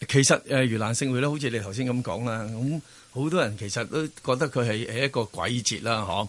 其實誒盂蘭勝會咧，好似你頭先咁講啦，咁好多人其實都覺得佢係誒一個鬼節啦，嗬。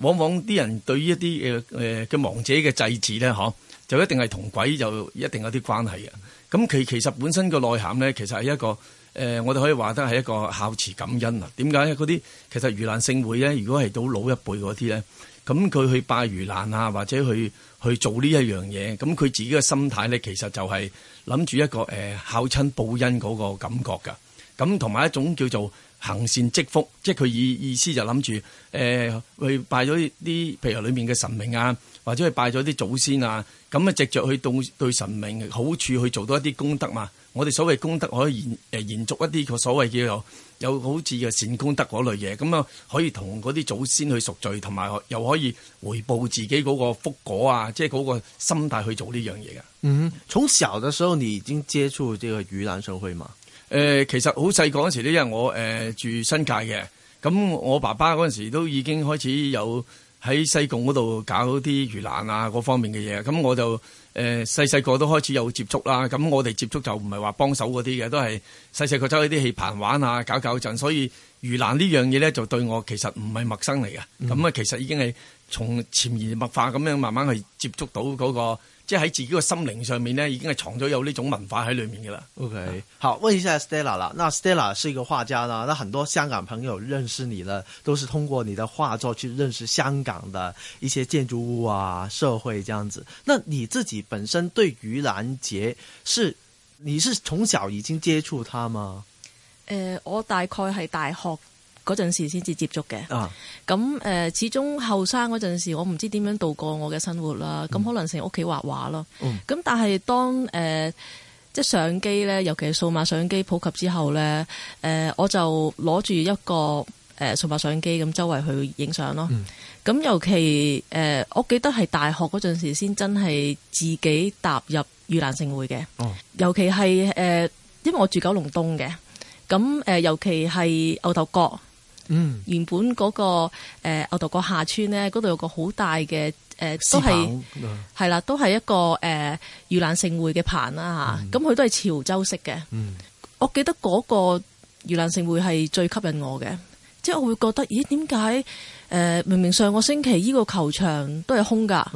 往往啲人對於一啲誒誒嘅亡者嘅祭祀咧，嗬，就一定係同鬼就一定有啲關係嘅。咁其其實本身個內涵咧，其實係一個誒，我哋可以話得係一個孝慈感恩啊。點解呢？嗰啲其實盂蘭勝會咧，如果係到老一輩嗰啲咧，咁佢去拜盂蘭啊，或者去，去做呢一樣嘢，咁佢自己嘅心態咧，其實就係諗住一個誒、呃、孝親報恩嗰個感覺噶，咁同埋一種叫做行善積福，即係佢意意思就諗住誒去拜咗啲譬如裏面嘅神明啊，或者去拜咗啲祖先啊，咁啊藉著去到對神明好處去做多一啲功德嘛。我哋所謂功德可以延誒延續一啲個所謂叫做有好似嘅善功德嗰類嘢，咁啊可以同嗰啲祖先去贖罪，同埋又可以回報自己嗰個福果啊！即係嗰個心態去做呢樣嘢嘅。嗯，從小就所以你已經接觸咗呢個魚欄上去嘛？誒、呃，其實好細個嗰時呢，因為我誒、呃、住新界嘅，咁我爸爸嗰陣時候都已經開始有喺西貢嗰度搞啲魚欄啊嗰方面嘅嘢，咁我就。誒細細個都開始有接觸啦，咁我哋接觸就唔係話幫手嗰啲嘅，都係細細個走去啲戲棚玩啊，搞搞震。所以盂蘭呢樣嘢咧，就對我其實唔係陌生嚟嘅。咁啊，其實已經係從潛移默化咁樣慢慢去接觸到嗰個。即係喺自己嘅心靈上面咧，已經係藏咗有呢種文化喺裏面嘅啦。OK，好，問一下 Stella 啦。那 Stella 是一個畫家啦，那很多香港朋友認識你啦，都是通過你的畫作去認識香港的一些建築物啊、社會這樣子。那你自己本身對於盂蘭節，是你是從小已經接觸他嗎？誒、呃，我大概係大學，嗰陣時先至接觸嘅，咁誒、啊呃、始終後生嗰陣時，我唔知點樣度過我嘅生活啦。咁、嗯、可能成屋企畫畫咯，咁、嗯、但係當誒、呃、即係相機呢，尤其係數碼相機普及之後呢，誒、呃、我就攞住一個誒、呃、數碼相機咁周圍去影相咯。咁、嗯、尤其誒、呃，我記得係大學嗰陣時先真係自己踏入遇難聖會嘅，嗯、尤其係誒、呃，因為我住九龍東嘅，咁、呃、尤其係牛頭角。嗯，原本嗰、那個誒，牛頭角下村咧，嗰度有個好大嘅誒、呃，都係係啦，都係一個誒、呃、盂蘭勝會嘅棚啦吓，咁佢、嗯、都係潮州式嘅。嗯，我記得嗰個盂蘭勝會係最吸引我嘅，即、就、係、是、我會覺得，咦，點解誒明明上個星期呢個球場都係空噶，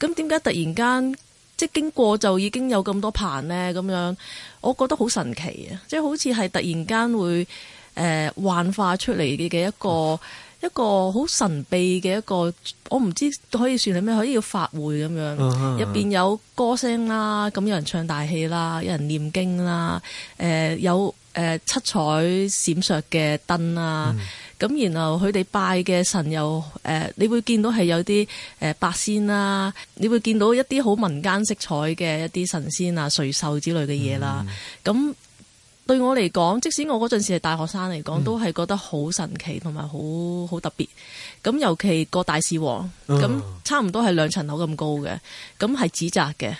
咁點解突然間即經過就已經有咁多棚咧？咁樣，我覺得好神奇啊！即、就、係、是、好似係突然間會。誒、呃，幻化出嚟嘅嘅一個、嗯、一個好神秘嘅一個，我唔知道可以算係咩，可以叫法會咁樣。入邊、啊、哈有歌聲啦，咁有人唱大戲啦，有人念經啦。誒、呃，有誒、呃、七彩閃爍嘅燈啦，咁、嗯、然後佢哋拜嘅神又誒、呃，你會見到係有啲誒八仙啦，你會見到一啲好民間色彩嘅一啲神仙啊、瑞獸之類嘅嘢啦，咁、嗯。嗯對我嚟講，即使我嗰陣時係大學生嚟講，都係覺得好神奇同埋好好特別。咁尤其個大士王，咁差唔多係兩層樓咁高嘅，咁係、嗯、紙紮嘅。誒、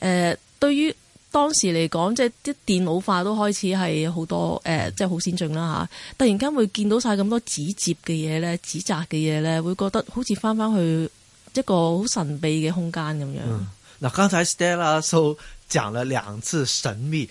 呃，對於當時嚟講，即係啲電腦化都開始係好多誒，即係好先進啦吓。突然間會見到晒咁多紙紮嘅嘢咧，紙紮嘅嘢咧，會覺得好似返返去一個好神秘嘅空間咁樣。嗱、嗯，剛才 Stella So 講了兩次神秘。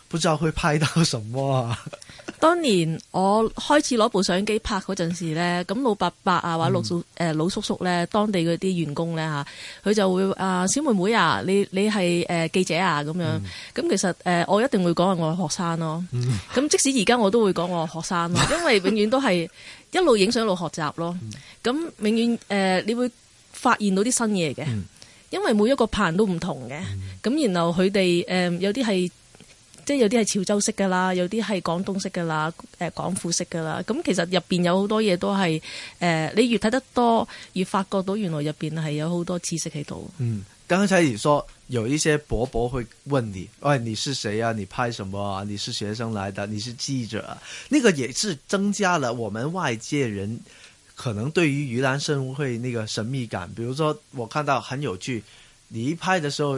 不就去拍到什麼啊！當年我開始攞部相機拍嗰陣時咧，咁老伯伯啊，或者老叔誒老叔叔咧，嗯、當地嗰啲員工咧吓，佢就會啊，小妹妹啊，你你係誒記者啊咁樣咁。嗯、其實誒，我一定會講係我的學生咯。咁、嗯、即使而家我都會講我的學生咯，嗯、因為永遠都係一路影相一路學習咯。咁、嗯、永遠誒、呃，你會發現到啲新嘢嘅，嗯、因為每一個棚都唔同嘅。咁、嗯、然後佢哋誒有啲係。即有啲係潮州式噶啦，有啲係廣東式噶啦，誒，廣府式噶啦。咁其實入邊有好多嘢都係，誒，你越睇得多，越發覺到原來入邊係有好多知識喺度。嗯，剛才你說有一些伯伯會問你，喂，你是誰啊？你拍什麼啊？你是學生來的？你是記者啊？呢個也是增加了我們外界人可能對於盂蘭勝會那個神秘感。比如說，我看到很有趣，你一拍的時候。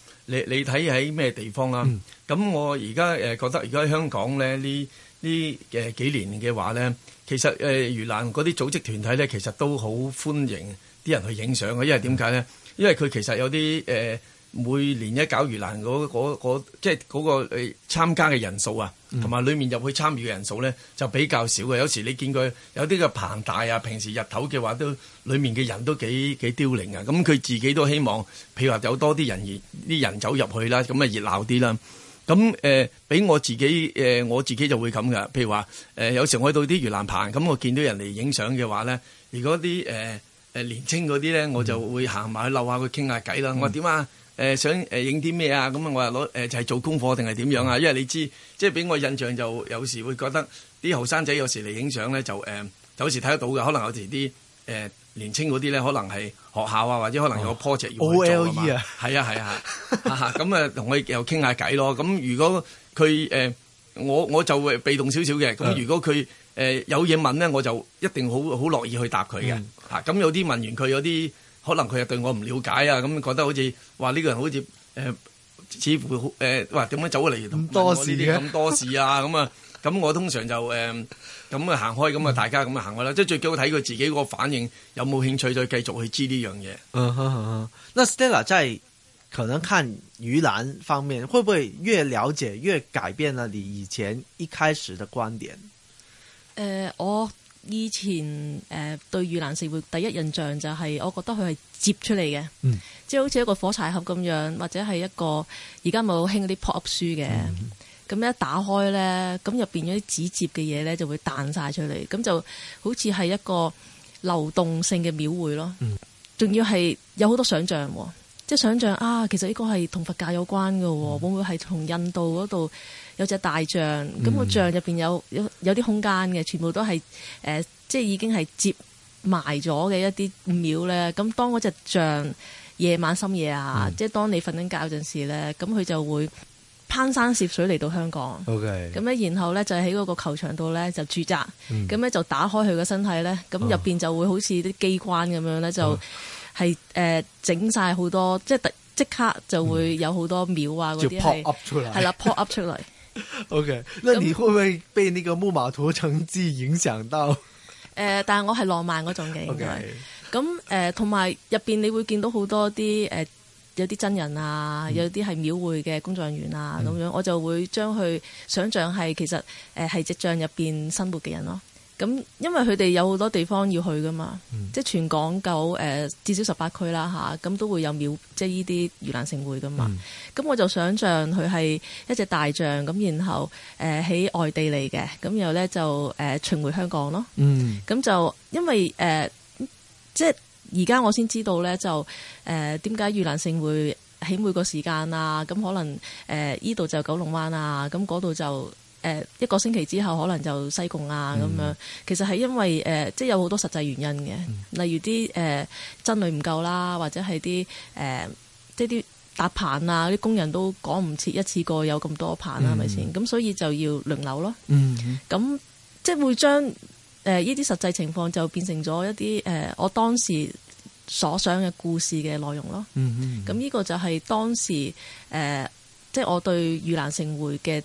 你你睇喺咩地方啊？咁，嗯、我而家誒覺得而家香港咧，呢呢誒幾年嘅話咧，其實誒魚欄嗰啲組織團體咧，其實都好歡迎啲人去影相嘅，因為點解咧？因為佢其實有啲每年一搞盂蘭嗰嗰即係嗰個參參加嘅人數啊，同埋、嗯、裏面入去參與嘅人數咧就比較少嘅。有時你見佢有啲嘅棚大啊，平時日頭嘅話都裏面嘅人都幾幾凋零啊。咁佢自己都希望譬如話有多啲人啲人走入去啦，咁啊熱鬧啲啦。咁誒俾我自己、呃、我自己就會咁㗎。譬如話誒、呃、有時我去到啲盂蘭棚咁，我見到人嚟影相嘅話咧，如果啲、呃、年青嗰啲咧，嗯、我就會行埋去漏下佢傾下偈啦。嗯、我點點啊？呃、想影啲咩啊？咁啊，我話攞就係做功課定係點樣啊？嗯、因為你知，即係俾我印象就有時會覺得啲後生仔有時嚟影相咧，就有時睇得到嘅。可能有時啲、呃、年青嗰啲咧，可能係學校啊，或者可能有 project 要、哦、O L E 啊。係啊係啊，咁啊同佢、啊 啊、又傾下偈咯。咁如果佢、呃、我我就會被動少少嘅。咁如果佢、呃、有嘢問咧，我就一定好好樂意去答佢嘅。咁、嗯啊、有啲問完佢有啲。可能佢又對我唔了解啊，咁覺得好似話呢個人好似誒、呃，似乎誒，話點樣走嚟咁多事咁多事啊，咁啊，咁 icho 我通常就誒，咁啊行開，咁啊大家咁啊行開啦，即、就、係、是、最緊要睇佢自己個反應有冇興趣再繼續去知呢樣嘢？嗯嗯嗯。那 Stella 在可能看魚欄方面，會唔會越了解越改變咗你以前一開始嘅觀點？誒、嗯、我。以前誒對盂蘭勝會第一印象就係、是、我覺得佢係摺出嚟嘅，嗯、即係好似一個火柴盒咁樣，或者係一個而家咪好興嗰啲 pop-up 書嘅，咁、嗯、一打開咧，咁入邊嗰啲紙摺嘅嘢咧就會彈晒出嚟，咁就好似係一個流動性嘅廟會咯，仲要係有好多想像喎。即係想像啊，其實呢個係同佛教有關嘅，嗯、會唔會係同印度嗰度有一隻大象？咁、嗯、個象入邊有有有啲空間嘅，全部都係誒、呃，即係已經係接埋咗嘅一啲廟咧。咁、嗯、當嗰隻象夜晚深夜啊，嗯、即係當你瞓緊覺嗰陣時咧，咁佢就會攀山涉水嚟到香港。OK，咁咧，然後咧就喺、是、嗰個球場度咧就駐紮，咁咧、嗯、就打開佢嘅身體咧，咁入邊就會好似啲機關咁樣咧、哦、就。哦係誒，整晒好多，即係突即刻就會有好多廟啊 pop up、嗯、出係，係啦，pop up 出嚟。O.K. 咁你會唔會被呢個木馬圖層次影響到？誒、嗯呃，但係我係浪漫嗰種嘅，應該咁誒 Okay.、嗯，同埋入邊你會見到好多啲誒、呃，有啲真人啊，有啲係廟會嘅工作人員啊咁、嗯、樣，我就會將佢想象係其實誒係只象入邊生活嘅人咯。咁，因為佢哋有好多地方要去噶嘛，即、嗯、全港九、呃、至少十八區啦咁、啊、都會有廟，即呢依啲盂蘭勝會噶嘛。咁、嗯、我就想像佢係一隻大象咁，然後誒喺、呃、外地嚟嘅，咁然後呢咧就誒巡回香港咯。咁、嗯、就因為誒、呃，即而家我先知道咧，就誒點解盂蘭勝會喺每個時間啊，咁可能誒依度就九龍灣啊，咁嗰度就。誒、呃、一個星期之後可能就西貢啊咁、mm hmm. 樣，其實係因為誒、呃、即係有好多實際原因嘅，mm hmm. 例如啲誒、呃、真女唔夠啦，或者係啲誒即係啲搭棚啊啲工人都趕唔切一次過有咁多棚啦，係咪先？咁、hmm. 所以就要輪流咯。咁、mm hmm. 即係會將誒呢啲實際情況就變成咗一啲誒、呃、我當時所想嘅故事嘅內容咯。咁呢、mm hmm. 個就係當時誒、呃、即係我對盂蘭勝會嘅。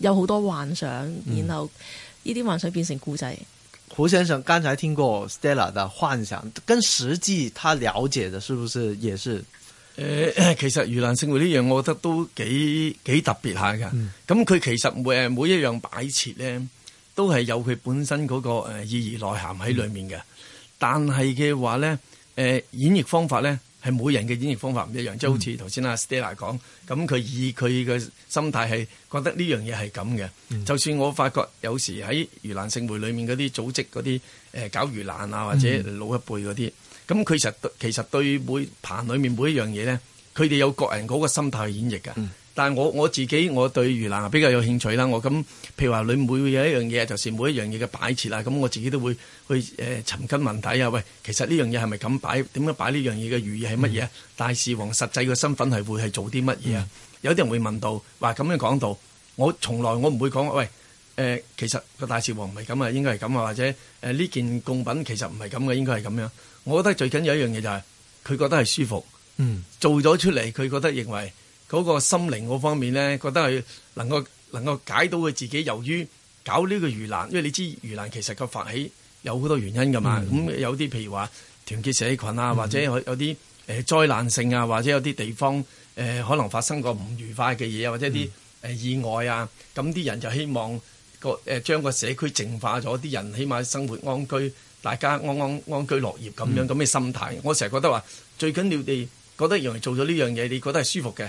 有好多幻想，然後呢啲幻想變成故仔。胡先、嗯、生，剛才聽過 Stella 的幻想，跟實際他了解的，是不是也是？誒、呃，其實盂蘭勝會呢樣，我覺得都幾幾特別下嘅。咁佢、嗯嗯、其實每，每一樣擺設咧，都係有佢本身嗰個意義內涵喺裏面嘅。嗯、但係嘅話咧、呃，演繹方法咧。係每人嘅演繹方法唔一樣，即好似頭先阿 Stella 講，咁佢、嗯、以佢嘅心態係覺得呢樣嘢係咁嘅。嗯、就算我發覺有時喺盂蘭勝會裏面嗰啲組織嗰啲、呃、搞盂蘭啊，或者老一輩嗰啲，咁佢、嗯、實其實對每棚裏面每一樣嘢咧，佢哋有各人嗰個心態去演繹㗎。嗯但係我我自己，我對盂蘭比較有興趣啦。我咁，譬如話，你每有一樣嘢，就是每一樣嘢嘅擺設啦。咁我自己都會去誒、呃、尋根問底啊。喂，其實呢樣嘢係咪咁擺？點樣擺呢樣嘢嘅寓意係乜嘢？嗯、大士王實際嘅身份係會係做啲乜嘢啊？嗯、有啲人會問到，話咁樣講到，我從來我唔會講喂誒、呃，其實個大士王唔係咁啊，應該係咁啊，或者誒呢、呃、件供品其實唔係咁嘅，應該係咁樣。我覺得最緊要的一樣嘢就係、是、佢覺得係舒服，嗯，做咗出嚟佢覺得認為。嗰個心靈嗰方面咧，覺得係能夠能夠解到佢自己。由於搞呢個盂蘭，因為你知盂蘭其實個發起有好多原因㗎嘛。咁、嗯、有啲譬如話團結社群啊、嗯呃，或者有啲誒災難性啊，或者有啲地方誒、呃、可能發生過唔愉快嘅嘢啊，或者啲誒、嗯呃、意外啊，咁啲人就希望個誒、呃、將個社區淨化咗，啲人起碼生活安居，大家安安安居樂業咁樣咁嘅、嗯、心態。我成日覺得話最緊要哋覺得原來做咗呢樣嘢，你覺得係舒服嘅。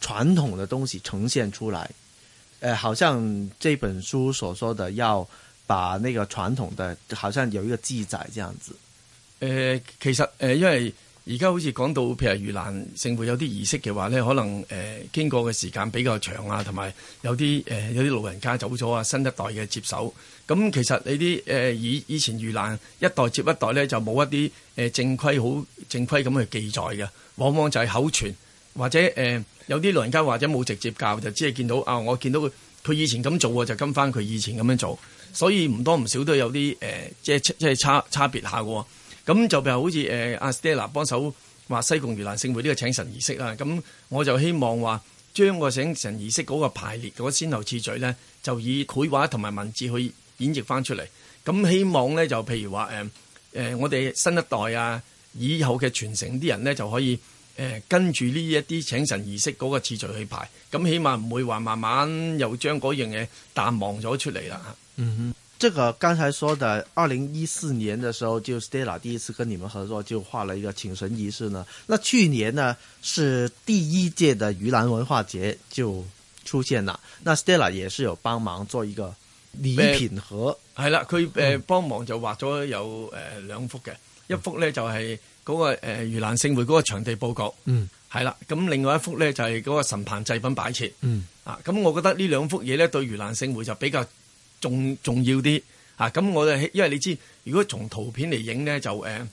傳統嘅東西呈現出來，誒、呃，好像這本書所說的，要把那個傳統的，好像有一個記載這樣子。誒、呃，其實誒、呃，因為而家好似講到譬，譬如盂蘭勝會有啲儀式嘅話呢，可能誒、呃、經過嘅時間比較長啊，同埋有啲誒有啲、呃、老人家走咗啊，新一代嘅接手，咁其實你啲誒以以前盂蘭一代接一代呢，就冇一啲誒正規好正規咁去記載嘅，往往就係口傳。或者誒、呃、有啲老人家或者冇直接教就只係見到啊、哦，我見到佢佢以前咁做喎，就跟翻佢以前咁樣做，所以唔多唔少都有啲、呃、即係即係差差別下喎。咁就譬如好似、呃、阿 Stella 幫手話西貢盂蘭勝會呢個請神儀式啊，咁我就希望話將個請神儀式嗰個排列嗰、嗰個先後次序咧，就以繪畫同埋文字去演繹翻出嚟。咁希望咧就譬如話誒、呃、我哋新一代啊，以後嘅傳承啲人咧就可以。誒跟住呢一啲請神儀式嗰個次序去排，咁起碼唔會話慢慢又將嗰樣嘢淡忘咗出嚟啦。嗯哼，這個剛才說的二零一四年嘅時候，就 Stella 第一次跟你們合作，就畫了一個請神儀式呢。那去年呢，是第一屆嘅盂蘭文化節就出現啦。那 Stella 也是有幫忙做一個禮品盒。係啦、嗯，佢誒幫忙就畫咗有誒兩、呃、幅嘅，一幅呢、就是，就係、嗯。嗰、那個誒、呃、盂蘭聖會嗰個場地佈局，嗯，係啦。咁另外一幅咧就係、是、嗰個神棚祭品擺設，嗯，啊。咁我覺得呢兩幅嘢咧對盂蘭聖會就比較重重要啲啊。咁我哋因為你知，如果從圖片嚟影咧就誒、呃、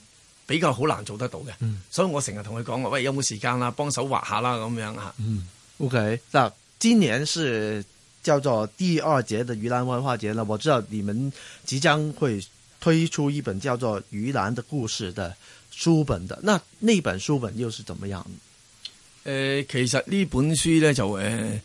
比較好難做得到嘅，嗯、所以我成日同佢講話，喂有冇時間啦、啊，幫手畫下啦、啊，咁樣嗯，O K。嗱，okay, 今年是叫做第二節的盂蘭文化節啦。我知道你們即將會推出一本叫做《盂蘭的故事》的。書本嘅，嗱，呢本書本又是怎麼樣？誒、呃，其實呢本書咧就誒呢、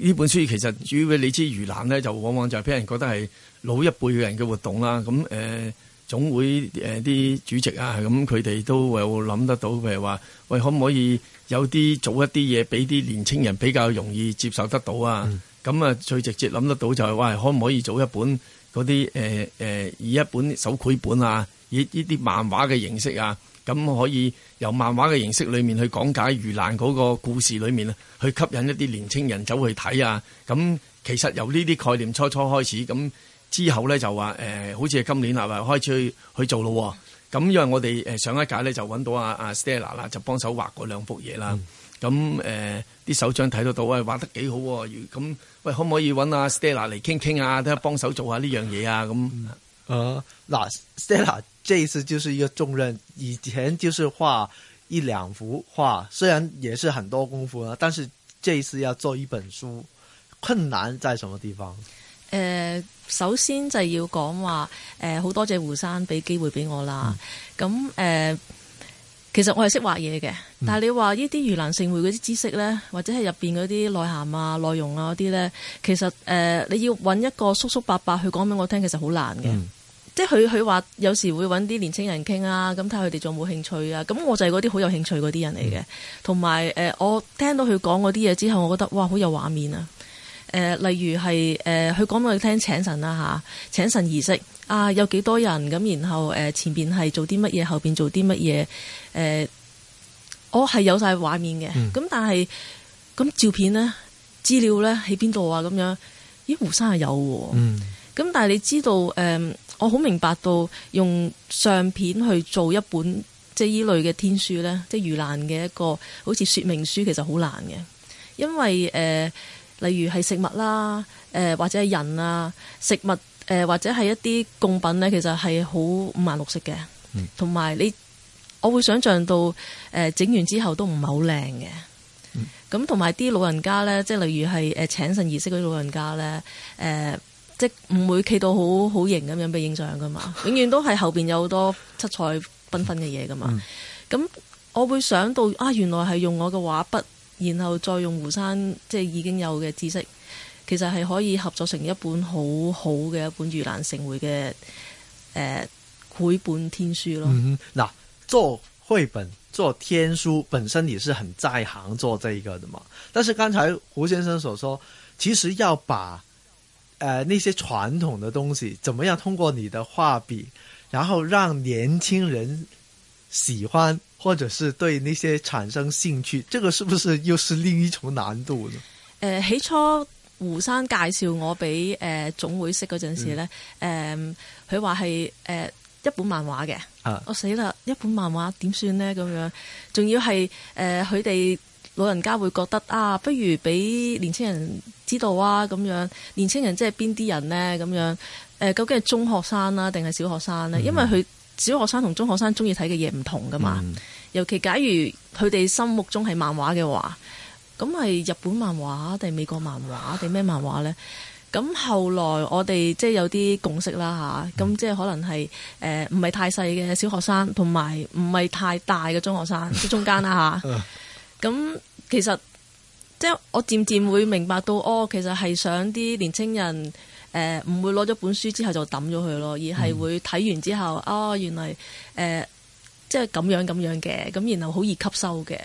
呃、本書其實主要俾你知魚欄呢，咧，就往往就係俾人覺得係老一輩嘅人嘅活動啦。咁、呃、誒，總會誒啲、呃、主席啊，咁佢哋都會諗得到，譬如話喂，可唔可以有啲做一啲嘢俾啲年青人比較容易接受得到啊？咁、嗯、啊，最直接諗得到就係、是、喂，可唔可以做一本嗰啲誒誒以一本手繪本啊？以呢啲漫畫嘅形式啊，咁可以由漫畫嘅形式裏面去講解盂蘭嗰個故事裏面啊，去吸引一啲年青人走去睇啊。咁其實由呢啲概念初初開始，咁之後咧就話、欸、好似係今年係咪開始去，去做咯。咁因為我哋上一屆咧就揾到阿阿 Stella 啦，就幫手畫過兩幅嘢啦。咁誒啲首長睇得到喂、欸，畫得幾好。咁、欸、喂、欸，可唔可以揾阿 Stella 嚟傾傾啊？睇下幫手做下呢樣嘢啊？咁。嗯嗯嗯，那、uh, Stella，這一次就是一個重任，以前就是畫一兩幅畫，雖然也是很多功夫啦，但是這一次要做一本書，困難在什麼地方？誒、呃，首先就要講話，誒、呃，好多謝胡生俾機會俾我啦。咁誒、嗯嗯呃，其實我係識畫嘢嘅，但係你話呢啲盂蘭勝會嗰啲知識咧，或者係入邊嗰啲內涵啊、內容啊嗰啲咧，其實誒、呃，你要揾一個叔叔伯伯去講俾我聽，其實好難嘅。嗯即係佢佢話有時會揾啲年青人傾啊，咁睇下佢哋仲有冇興趣啊？咁我就係嗰啲好有興趣嗰啲人嚟嘅。同埋誒，我聽到佢講嗰啲嘢之後，我覺得哇，好有畫面啊！誒、呃，例如係誒，佢講俾我聽請神啦吓、啊，請神儀式啊，有幾多人咁，然後誒、呃、前邊係做啲乜嘢，後邊做啲乜嘢？誒、呃，我係有晒畫面嘅。咁、嗯、但係咁照片呢？資料咧喺邊度啊？咁樣咦？胡生係有，嗯。咁但係你知道誒？呃我好明白到用相片去做一本即係依類嘅天書咧，即係遇難嘅一個好似說明書，其實好難嘅。因為誒、呃，例如係食物啦，誒、呃、或者係人啊，食物誒、呃、或者係一啲貢品咧，其實係好五顏六色嘅。同埋、嗯、你，我會想象到誒整、呃、完之後都唔係好靚嘅。咁同埋啲老人家咧，即係例如係誒請神儀式嗰啲老人家咧，誒、呃。即唔會企到好好型咁樣俾影相噶嘛，永遠都係後面有好多七彩繽紛嘅嘢噶嘛。咁、嗯、我會想到啊，原來係用我嘅畫筆，然後再用胡生，即係已經有嘅知識，其實係可以合作成一本很好好嘅一本盂蘭的《盂蘭勝會》嘅誒繪本天書咯。嗱、嗯啊，做繪本、做天書本身你是很在行做這個的嘛。但是剛才胡先生所說，其實要把誒、呃，那些傳統的東西，怎麼樣通過你的畫筆，然後讓年輕人喜歡，或者是對那些產生興趣，這個是不是又是另一重難度呢？誒、呃，起初胡生介紹我俾誒、呃、總會識嗰陣時咧，誒、嗯呃，佢話係誒一本漫畫嘅，我死啦，一本漫畫點算、啊哦、呢？咁樣，仲要係誒佢哋。呃老人家會覺得啊，不如俾年青人知道啊咁樣。年青人即係邊啲人呢？咁樣誒？究竟係中學生啦、啊，定係小學生呢？嗯、因為佢小學生同中學生中意睇嘅嘢唔同噶嘛。嗯、尤其假如佢哋心目中係漫畫嘅話，咁係日本漫畫定美國漫畫定咩漫畫呢？咁後來我哋即係有啲共識啦吓，咁、啊、即係可能係誒唔係太細嘅小學生，同埋唔係太大嘅中學生，即 中間啦吓。咁、啊啊嗯其實即係我漸漸會明白到，哦，其實係想啲年青人誒唔、呃、會攞咗本書之後就抌咗佢咯，而係會睇完之後，哦，原來誒、呃、即係咁樣咁樣嘅，咁然後好易吸收嘅。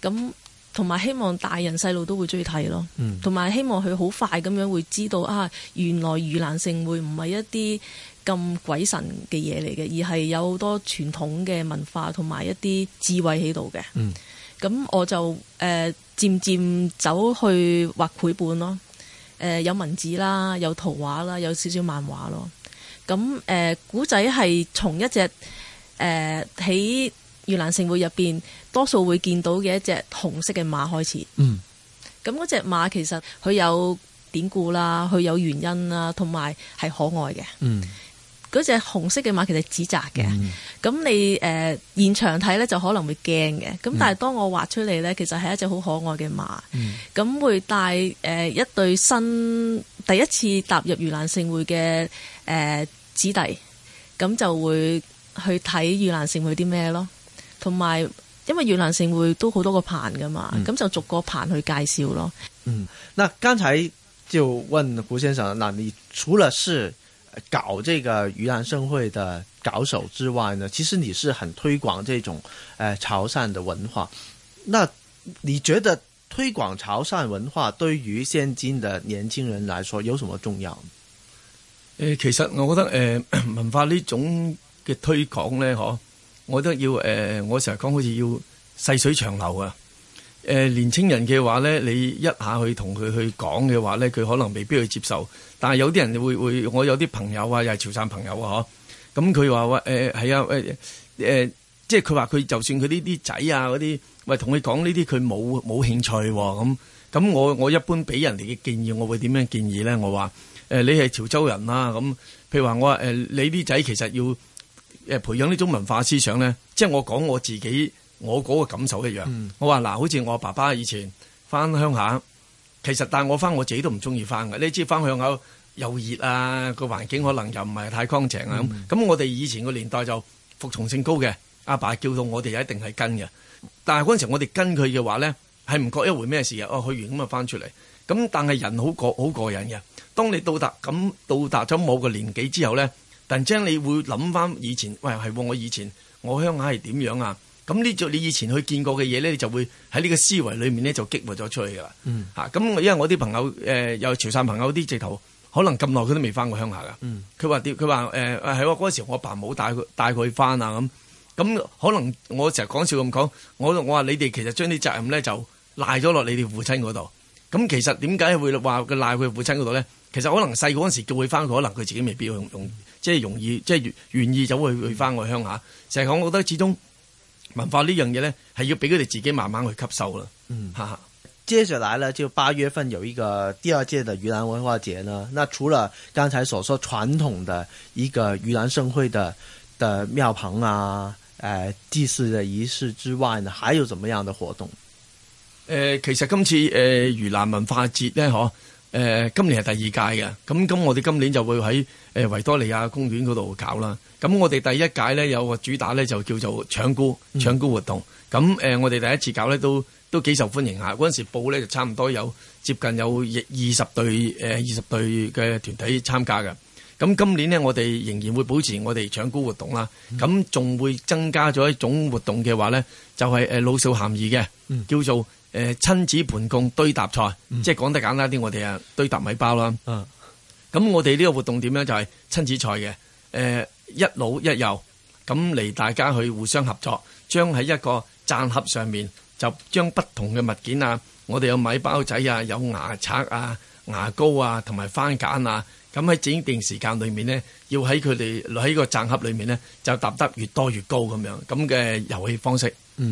咁同埋希望大人細路都會中意睇咯，同埋、嗯、希望佢好快咁樣會知道啊，原來盂蘭勝會唔係一啲咁鬼神嘅嘢嚟嘅，而係有好多傳統嘅文化同埋一啲智慧喺度嘅。嗯咁我就誒、呃、漸漸走去畫繪本咯，誒、呃、有文字啦，有圖畫啦，有少少漫畫咯。咁誒古仔係從一隻誒喺、呃、越南聖會入邊，多數會見到嘅一隻紅色嘅馬開始。嗯，咁嗰隻馬其實佢有典故啦，佢有原因啦，同埋係可愛嘅。嗯。嗰隻紅色嘅馬其實係紙紮嘅，咁、嗯、你誒、呃、現場睇咧就可能會驚嘅，咁但係當我畫出嚟咧，嗯、其實係一隻好可愛嘅馬，咁、嗯、會帶誒、呃、一對新第一次踏入盂蘭勝會嘅誒、呃、子弟，咁就會去睇盂蘭勝會啲咩咯，同埋因為盂蘭勝會都好多個棚噶嘛，咁、嗯、就逐個棚去介紹咯。嗯，嗱剛才就問胡先生，嗱，你除了是搞這個盂蘭盛會的搞手之外呢，其實你是很推廣這種誒、呃、潮汕的文化。那你覺得推廣潮汕文化對於現今的年輕人來說有什麼重要？誒、呃，其實我覺得誒、呃，文化呢種嘅推廣咧，嗬，我覺得要誒、呃，我成日講好似要細水長流啊。誒，年青人嘅話咧，你一下去同佢去講嘅話咧，佢可能未必去接受。但係有啲人會會，我有啲朋友啊，又係潮汕朋友啊、呃、啊，咁佢話誒係啊誒誒，即係佢話佢就算佢呢啲仔啊嗰啲，喂同佢講呢啲佢冇冇興趣喎。咁咁我我一般俾人哋嘅建議，我會點樣建議咧？我話、呃、你係潮州人啦，咁譬如話我話誒、呃、你啲仔其實要誒培養呢種文化思想咧，即係我講我自己。我嗰個感受一樣。嗯、我話嗱，好似我爸爸以前翻鄉下，其實帶我翻我自己都唔中意翻嘅。你知翻鄉下又熱啊，個環境可能又唔係太乾淨啊。咁咁、嗯，我哋以前個年代就服從性高嘅，阿爸，爸叫到我哋一定係跟嘅。但係嗰陣時我哋跟佢嘅話咧，係唔覺一回咩事啊？哦，去完咁啊，翻出嚟咁，但係人好好過癮嘅。當你到達咁到達咗某個年紀之後咧，突然之間你會諗翻以前喂，係我以前我鄉下係點樣啊？咁呢？就你以前去見過嘅嘢咧，你就會喺呢個思維裏面咧就激活咗出去噶啦。嚇咁、嗯啊，因為我啲朋友誒、呃、有潮汕朋友啲，直頭可能咁耐佢都未翻過鄉下噶。佢話、嗯：啲佢話誒係喎，嗰、呃、時我阿爸冇帶佢帶佢去翻啊咁。咁可能我成日講笑咁講，我我話你哋其實將啲責任咧就賴咗落你哋父親嗰度。咁其實點解會話佢賴佢父親嗰度咧？其實可能細個嗰時叫佢翻，可能佢自己未必容容即係容易即係願願意走去、嗯、去翻我鄉下。成日講，我覺得始終。文化呢樣嘢咧，係要俾佢哋自己慢慢去吸收啦。嗯，哈哈、嗯、接着嚟咧就八月份有一個第二屆的盂蘭文化節呢。那除了剛才所說傳統的一個盂蘭盛會的的廟棚啊，誒、呃，祭祀的儀式之外，呢，還有怎麼樣的活動？誒、呃，其實今次誒、呃、盂蘭文化節咧，嗬。誒、呃、今年係第二屆嘅，咁咁我哋今年就會喺誒、呃、維多利亞公園嗰度搞啦。咁我哋第一屆咧有個主打咧就叫做搶孤、嗯、搶孤活動。咁誒、呃、我哋第一次搞咧都都幾受歡迎下，嗰陣時報咧就差唔多有接近有二十隊誒二十隊嘅團體參加嘅。咁今年呢我哋仍然會保持我哋搶孤活動啦。咁仲、嗯、會增加咗一種活動嘅話呢就係、是、老少咸宜嘅，嗯、叫做誒親子盆供堆疊賽，嗯。即係講得簡單啲，我哋啊堆疊米包啦。咁、啊、我哋呢個活動點樣？就係、是、親子賽嘅，一老一幼咁嚟大家去互相合作，將喺一個攢盒上面就將不同嘅物件啊，我哋有米包仔啊，有牙刷啊、牙膏啊，同埋番梘啊。咁喺整段時間裏面咧，要喺佢哋喺個站盒裏面咧，就搭得越多越高咁樣咁嘅遊戲方式。